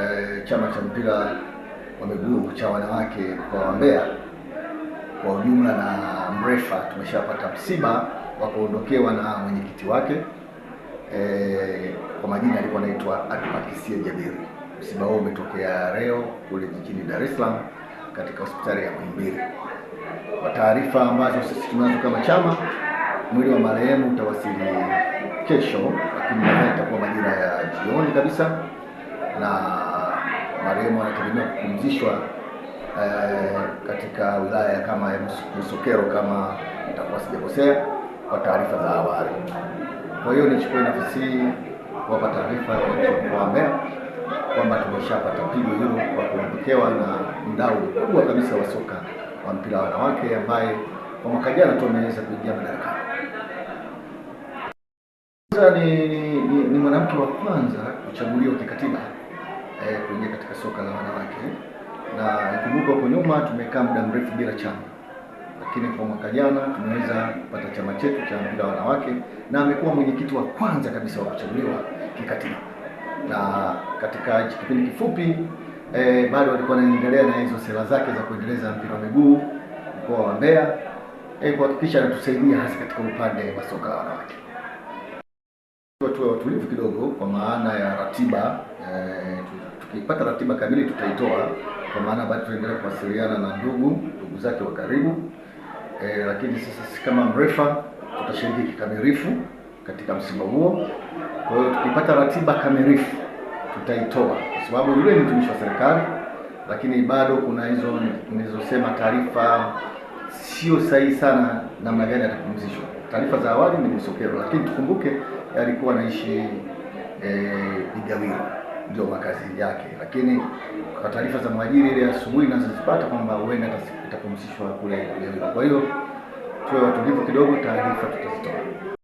eh, chama cha mpira wa miguu cha wanawake mkoa wa Mbeya kwa ujumla na Mrefa tumeshapata msiba wa kuondokewa na mwenyekiti wake eh, kwa majina alikuwa anaitwa Atupakisia Jabiri. Msiba huo umetokea leo kule jijini Dar es Salaam katika hospitali ya Muhimbili. Kwa taarifa ambazo sisi tunazo kama chama, mwili wa marehemu utawasili kesho, lakini itakuwa majira ya jioni kabisa na marehemu anategemea kupumzishwa eh, katika wilaya kama ya Msokero kama nitakuwa sijakosea kwa taarifa za awali. Kwa hiyo nichukue nafasi hii kuwapa taarifa kwa Mbeya kwamba tumeshapata pigo hilo kwa kuondokewa na mdau mkubwa kabisa wa soka wa mpira wa wanawake ambaye kwa mwaka jana tu ameweza kuingia madarakani. Ni, ni, ni, ni mwanamke wa kwanza kuchaguliwa kikatiba eh, kuingia katika soka la wanawake, na ikumbuka huko nyuma tumekaa muda mrefu bila chama, lakini kwa mwaka jana tumeweza kupata chama chetu cha mpira wa wanawake, na amekuwa mwenyekiti wa kwanza kabisa wa kuchaguliwa kikatiba, na katika kipindi kifupi eh, bado walikuwa wanaendelea na hizo sera zake za kuendeleza mpira wa miguu mkoa wa Mbeya eh, kuhakikisha anatusaidia hasa katika upande wa soka la wanawake kwa tuwe watulivu kidogo, kwa maana ya ratiba eh, tukipata ratiba kamili tutaitoa, kwa maana bado tuendelea kuwasiliana na ndugu ndugu zake wa karibu eh, lakini sasa si kama Mrefa tutashiriki kikamilifu katika msimo huo. Kwa hiyo tukipata ratiba kamilifu tutaitoa, kwa sababu yule ni mtumishi wa serikali, lakini bado kuna hizo nilizosema taarifa sio sahihi sana namna gani atapumzishwa. Taarifa za awali ni Msokero, lakini tukumbuke alikuwa anaishi eh, Igawiro e, ndio makazi yake, lakini kwa taarifa za mwajiri ile asubuhi nazozipata kwamba huenda itapumzishwa kule Igawiro. Kwa hiyo tuwe watulivu kidogo, taarifa tutazitoa.